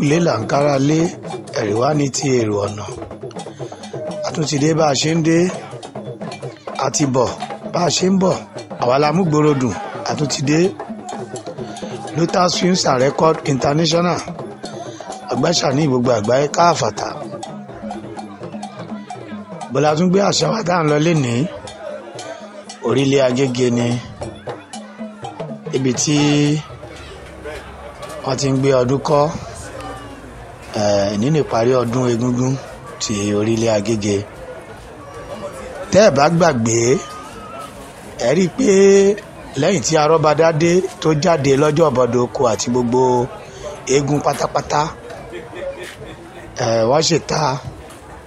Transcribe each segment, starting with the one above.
kúlé là ń kára lé ẹ̀rìwá ní ti èrò ọ̀nà àtúntìdé bá a ṣe ń dé àti bọ̀ bá a ṣe ń bọ̀ àwa la mú gbòòrò dùn àtúntìdé Luther Films and Record International àgbàṣà ní gbogbo àgbáyé káàfàtà bọ́lá tún gbé àṣà wa dáhùn lọ lénìí orílẹ̀ Agége ni ibi tí wọ́n ti ń gbé ọdún kọ́ ẹ̀ní ní ìparí ọdún egúngún ti orílẹ̀ agége tẹ́ ẹ̀ bá gbàgbé ẹ rí i pé lẹ́yìn tí arọ́badá dé tó jáde lọ́jọ́ ọ̀bọ̀dọ̀ oko àti gbogbo eégún pátápátá ẹ̀ wọ́n ṣèta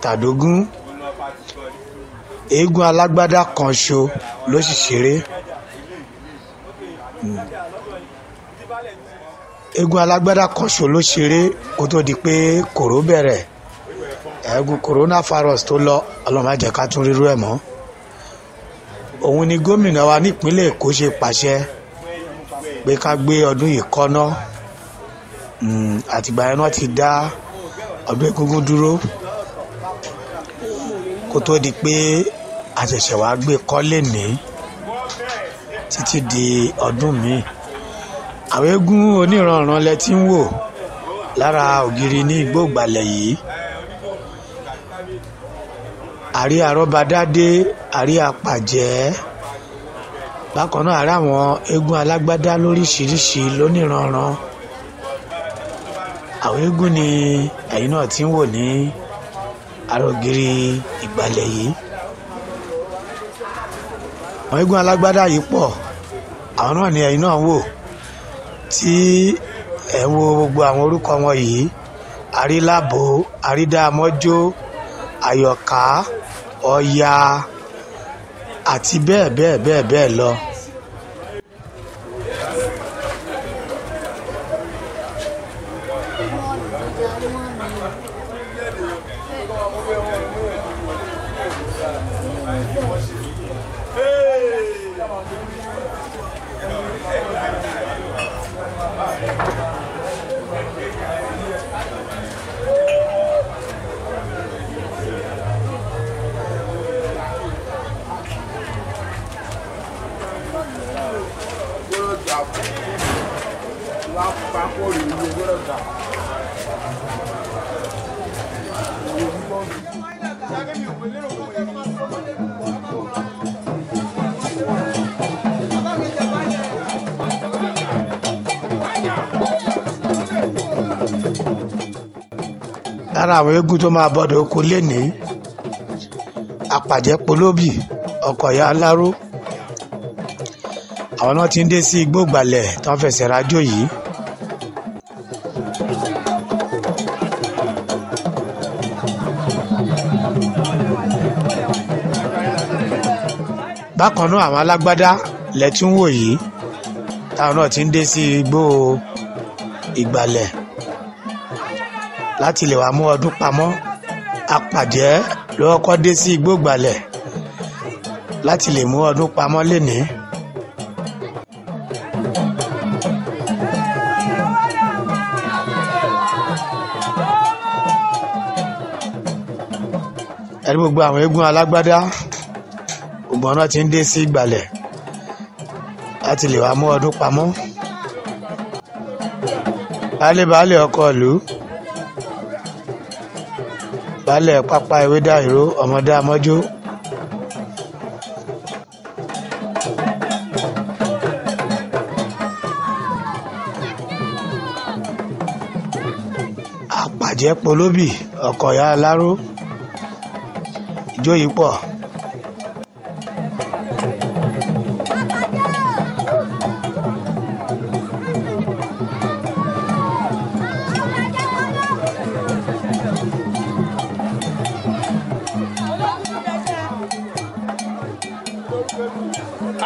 tàdógún eégún alágbádá kan ṣo ló sì ṣeré. eégún alágbádá kọ̀ṣọ́ ló ṣeré kó tó di pé kòró bẹ̀rẹ̀ ẹ̀ẹ́gùn coronavirus tó lọ ọlọ́mọdéjẹ́ ká tún rírú ẹ̀ mọ́ òun ni gómìnà wa nípínlẹ̀ èkó ṣe pàṣẹ pé ká gbé ọdún yìí kọ́ná hmm, àtìgbà yẹn náà ti dá ọdún egúngún dúró kó tó di pé àṣẹ̀ṣẹ̀ wàá gbé kọ́ lè ní títí di ọdún míì àwọn eégún oníranran lẹ ti ń wò lára ògiri ní igbóògbàlẹ̀ yìí àrí àrọ́badádé àrí àpàjẹ́ bákan náà àrí àwọn eégún alágbádá lóríṣiríṣi lóníranran àwọn eégún ni ẹ̀yin náà ti ń wò ní àrò ògiri ìgbàlẹ̀ yìí àwọn eégún alágbádá yìí pọ̀ àwọn náà ni ẹ̀yin náà ń wò tí ẹ̀ ń wo gbogbo àwọn orúkọ wọn yìí àrílàbò àrídàmọ́jó àyọ̀ká ọ̀yà àti bẹ́ẹ̀ bẹ́ẹ̀ bẹ́ẹ̀ bẹ́ẹ̀ lọ. lára àwọn eégún tó máa bọ́dọ̀ oko lénìí àpàjẹ́ polóbì ọkọ̀ ya aláró àwọn náà ti ń dé sí igbó ìgbàlẹ̀ tó ń fẹsẹ̀ rájò yìí. bákan náà àwọn alágbádá lẹ tún wò yìí táwọn náà ti ń dé sí igbó ìgbàlẹ̀ láti lè wá mú ọdún pamọ́ apàdé lọ́wọ́ dé sí igbó ìgbàlẹ̀ láti lè mú ọdún pamọ́ lénìí. ẹni gbogbo àwọn eégún alágbádá gbogbo ọ̀nà ti ń dé sí ìgbàlẹ̀ láti lè wá mú ọdún pamọ́ baálé baálé ọkọ ìlú baálé pápá ewédà ìró ọmọdé amọ́jó àpàjẹ́ polóbì ọkọ̀ ya aláró ìjọ yìí pọ̀.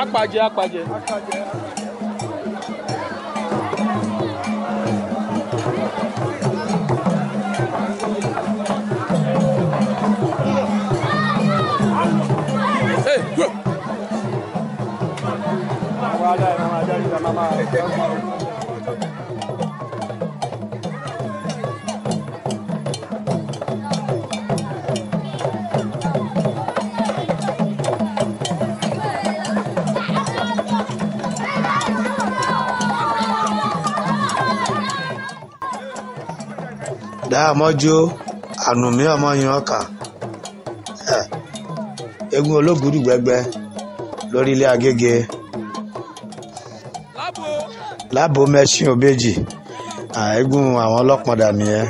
apajẹ apajẹ. apajẹ apajẹ. dáa mọ́jú ànùmí ọmọ yan ọkà egun ológùdù gbẹgbẹ lórílẹ̀ Agége lábo mẹ́sìn òbejì egun àwọn ọlọ́pàdà nìyẹn.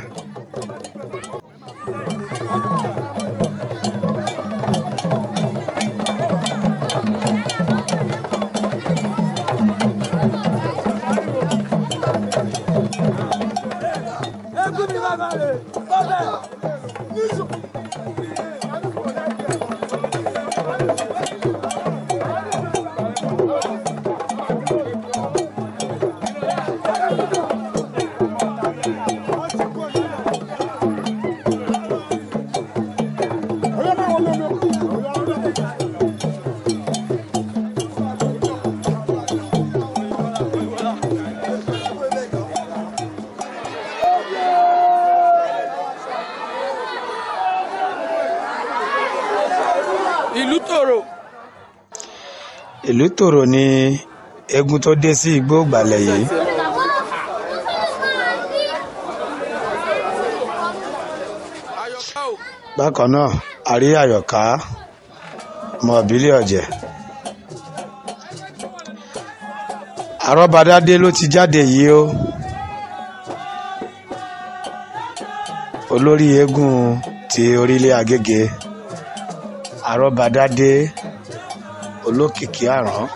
ìlú tòrò. ìlú tòrò ni eégún tó dé sí igbó ìgbàlẹ̀ yìí. bákan náà a rí àyọ̀ká ọmọ ìbílẹ̀ ọ̀jẹ̀. àrọ́badádé ló ti jáde yìí o olórí eégún ti orílẹ̀ Agége àrọ́badádé olókìkí àrán. Oh,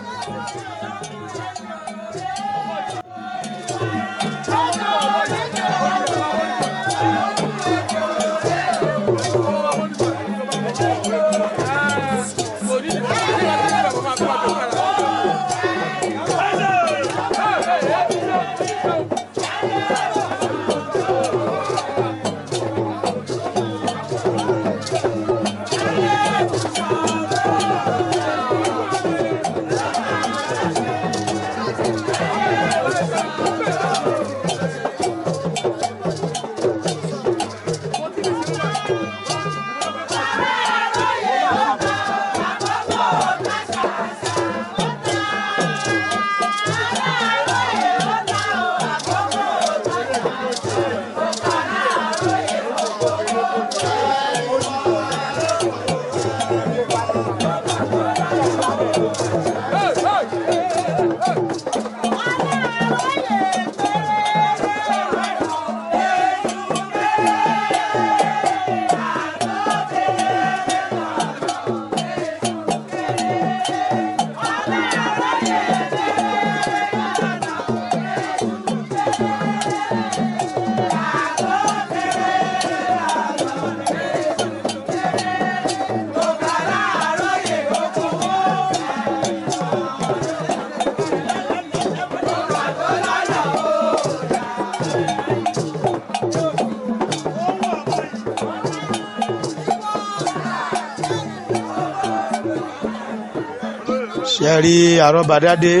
ṣe rí àrọ́bàdádé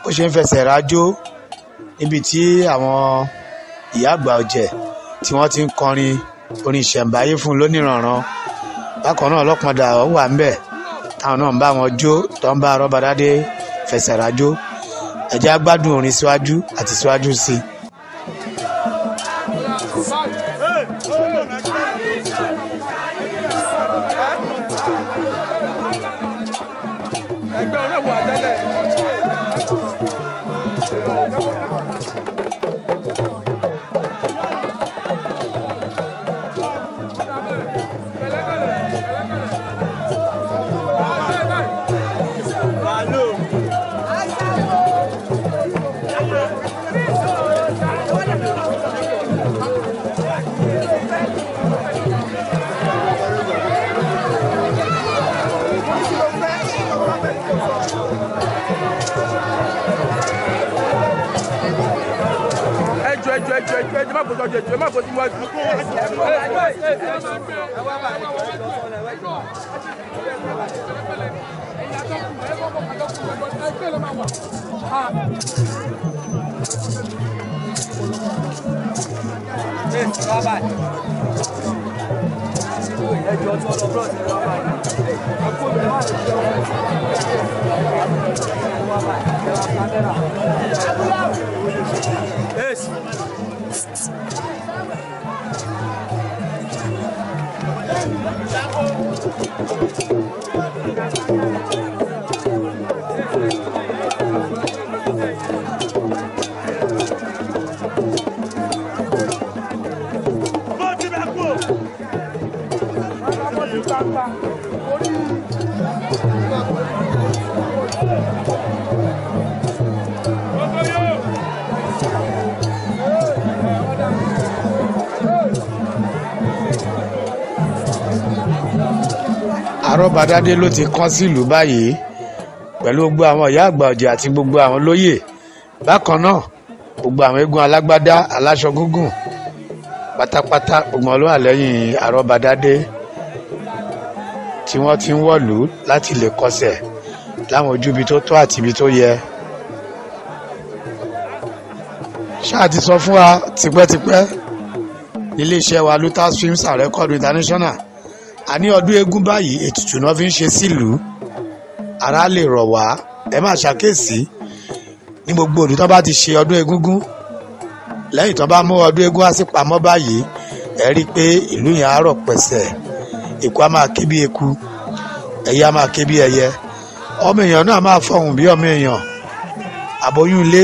bó ṣe ń fẹsẹ̀ rájò níbi tí àwọn ìyá àgbà ọ̀jẹ̀ tí wọ́n ti ń kọrin orin ìṣẹ̀ǹbáyé fún lónìrànràn bákan náà ọlọ́pàdà wà ń bẹ̀ táwọn náà ń bá wọn jó tó ń bá àrọ́bàdádé fẹsẹ̀ rájò ẹ̀jẹ̀ á gbádùn orin síwájú àti síwájú sí i. jọ jẹjọ ẹ má bọ́ síwájú. Ẹjọ́ tó lọ bọ́ọ̀sì ló wà báyìí. Ẹ̀kọ́ mi máa ń jẹun. Ẹ̀kọ́ mi máa ń jẹun. Ẹ̀kọ́ mi máa ń jẹun. Bye. Arọ́badádé ló ti kán sílùú báyìí pẹ̀lú gbogbo àwọn ìyá àgbà ọ̀jẹ̀ àti gbogbo àwọn lóyè bákan náà gbogbo àwọn eégún alágbádá aláṣọ gúngùn pátápátá gbogbo ló wà lẹ́yìn Arọ́badádé tí wọ́n ti ń wọ̀lú láti lè kọsẹ̀ láwọn ojú ibi tó tọ́ àti ibi tó yẹ. ṣáà ti sọ fún wa tipẹ́tipẹ́ iléeṣẹ́ wa Lutas Films and Record International àní ọdún eégún báyìí ètùtù náà fi ń ṣe sílùú ara lè rọ̀ wá ẹ máa ṣàkíyèsí ní gbogbo òdù tó bá ti ṣe ọdún egúngún lẹ́yìn tó bá mú ọdún egún wá sí pamọ́ báyìí ẹ rí i pé ìlú yẹn á rọ̀ pẹ̀sẹ̀ èkó á máa ké bí eku ẹyẹ á máa ké bí ẹyẹ ọmọ èèyàn náà máa fọhùn bí ọmọ èèyàn àbóyún ilé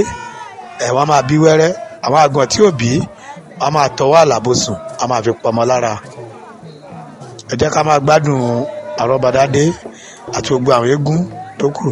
ẹ̀wọ̀n máa bí wẹ́rẹ́ àwọn àgàn tí ò bí wọ́n máa tọwọ́ àlàbòsùn wọ́n máa fi pọmọ lára ẹ jẹ́ ká máa gbádùn àrọ́bàdádé àti gbogbo àwọn eégún tó kù.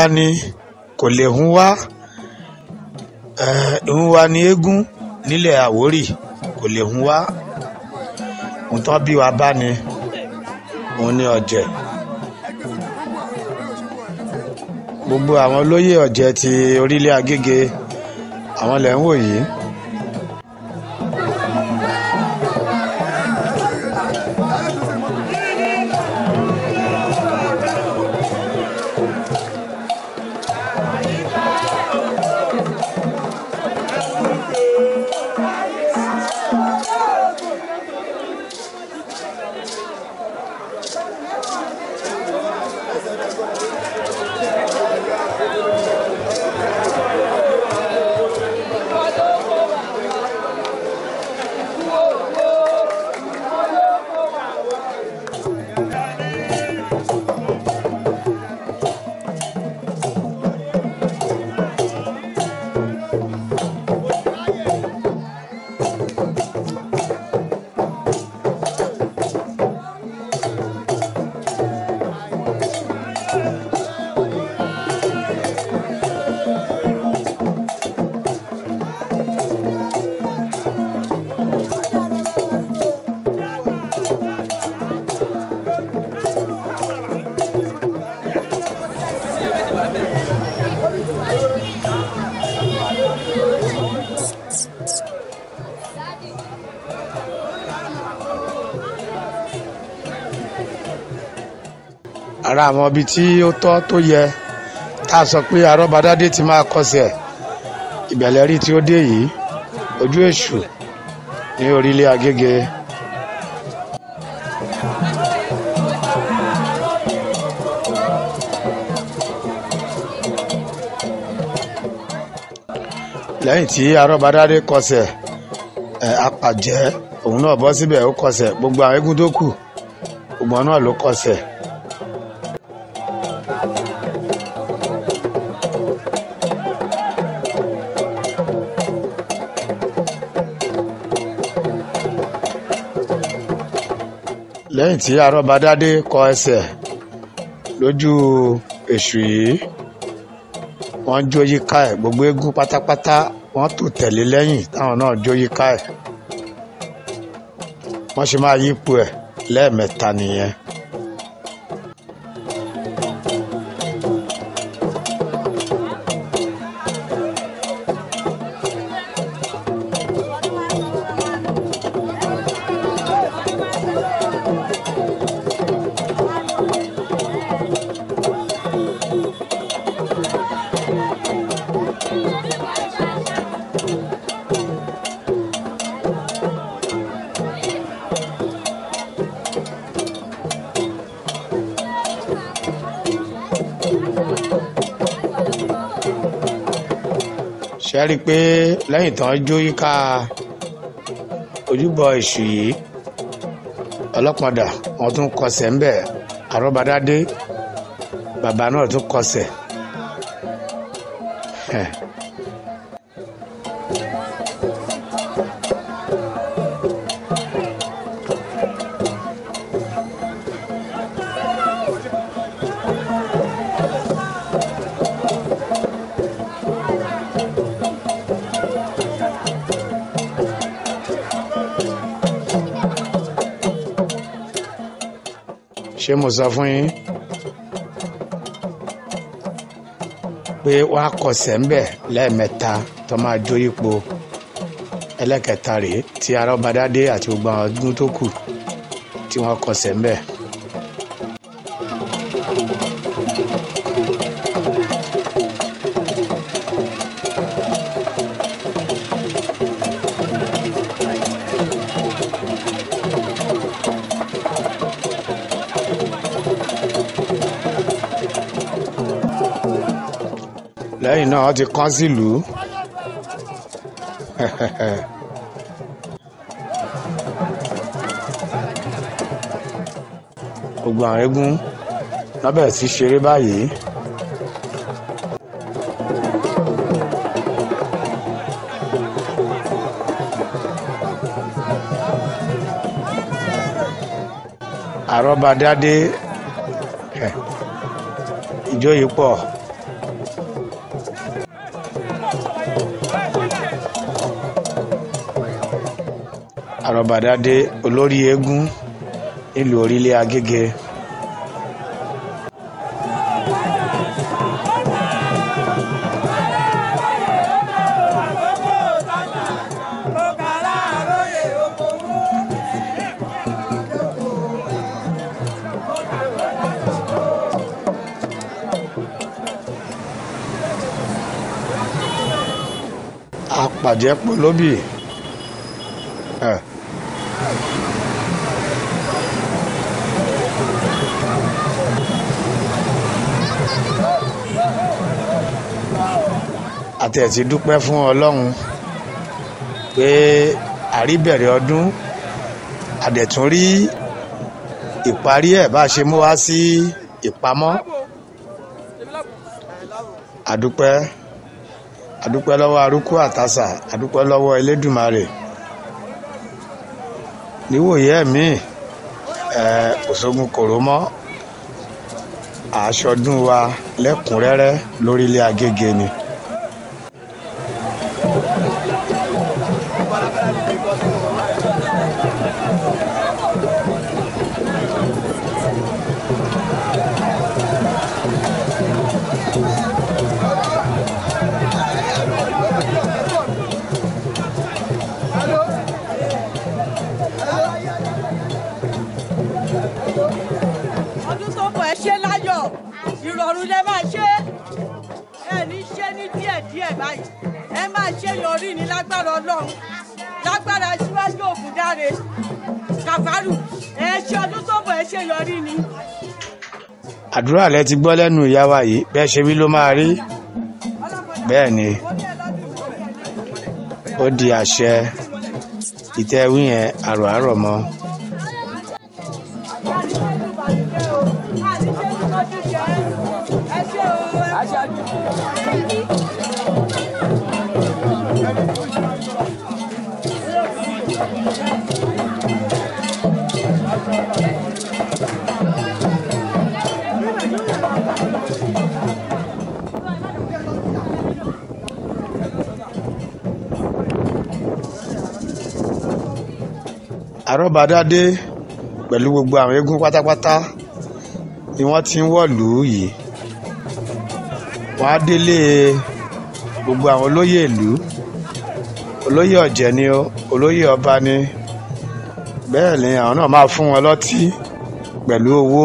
wa ni kòlẹ̀hún wá ìhun eh, wa ni eégún nílẹ̀ àwórì kòlẹ̀hún wá ohun tó bí wa bá ni òun ni ọ̀jẹ̀ gbogbo àwọn olóyè ọ̀jẹ̀ ti orílẹ̀ Agége àwọn lẹ̀ wò yìí. ara àwọn ibi tí ó tọ́ tó yẹ tá a sọ pé arọ́badádé ti máa kọsẹ̀ ìbẹ̀lẹ̀ rí tí ó dé yìí ojú èṣù ní orílẹ̀ Agége. lẹ́yìn tí arọ́badádé kọsẹ̀ ẹ̀ apàjẹ́ òun náà bọ́ síbẹ̀ ó kọsẹ̀ gbogbo àwọn eégún tó kù gbogbo náà ló kọsẹ̀. lẹ́yìn tí arọ́badádé kọ ẹsẹ̀ lójú èṣù yìí wọ́n jó yíká ẹ̀ gbogbo eégún pátápátá wọ́n tò tẹ̀lé lẹ́yìn táwọn náà jó yíká ẹ̀ wọ́n ṣe máa yípo ẹ̀ lẹ́ẹ̀mẹ́ta nìyẹn. ṣe rí i pé lẹ́yìn tán jó yíká ojúbọ èṣù yìí ọlọ́pàdà wọn tún kọsẹ̀ ńbẹ̀ àrọ́badádé bàbá náà tún kọsẹ̀. ṣe mo sọ fún yín pé wọ́n á kọsẹ̀ ńbẹ̀ lẹ́ẹ̀mẹ́ta tó máa jó ipò ẹlẹ́kẹta rèé tí arọ́badádé àti gbogbo àwọn ọdún tó kù tí wọ́n kọsẹ̀ ńbẹ̀. náà ó ti kán sílùú gbogbo àwọn eégún náà bẹ̀rẹ̀ sí ṣeré báyìí. àrọ́badádé ìjọ yìí pọ̀. àrọ̀bàdàdé olórí eégún nílùú orílẹ̀ agége. àpàjẹ́pọ̀ lóbì tiẹ̀ ti dúpẹ́ fún ọlọ́run pé àríbẹ̀rẹ̀ ọdún àdẹ̀tún rí ìparí ẹ̀ bá ṣe mú wá sí ìpamọ́ àdúpẹ́ àdúpẹ́ lọ́wọ́ arúkú àtàsà àdúpẹ́ lọ́wọ́ Elédùmarè níwòye ẹ̀mí ẹ̀ òṣogun kòró mọ́ àṣọdún wa lẹ́kùnrẹ́rẹ́ lórílẹ̀ Agége ni. rí ni. àdúrà lẹ ti gbọ́ lẹ́nu ìyá wa yìí bẹ́ẹ̀ ṣe wí ló máa rí bẹ́ẹ̀ ni ó di àṣẹ ìtẹ́wí yẹn àròárọ̀ mọ́. àrọ́bàdádé pẹ̀lú gbogbo àwọn eégún pátápátá ni wọ́n ti ń wọ̀lú yìí wọ́n á délé gbogbo àwọn olóyè ìlú olóyè ọ̀jẹ̀ ni ó olóyè ọba ni bẹ́ẹ̀ ni àwọn náà máa fún wọn lọ́tí pẹ̀lú owó.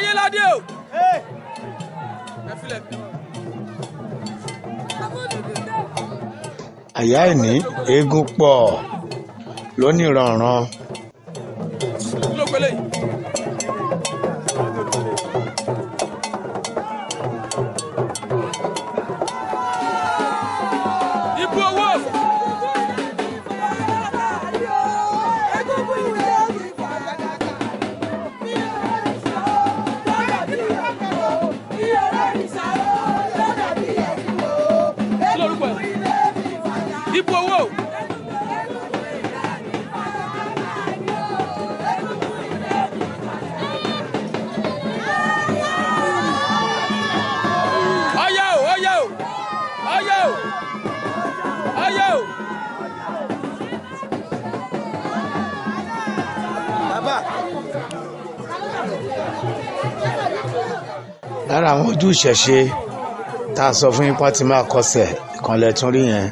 ayéládé o. àyá ìní eégún pọ̀ lónìí rànran. lára àwọn ojú ìṣẹ̀ṣe tá a sọ fún yín pátí máa kọsẹ̀ ìkànlẹ̀ tún rí yẹn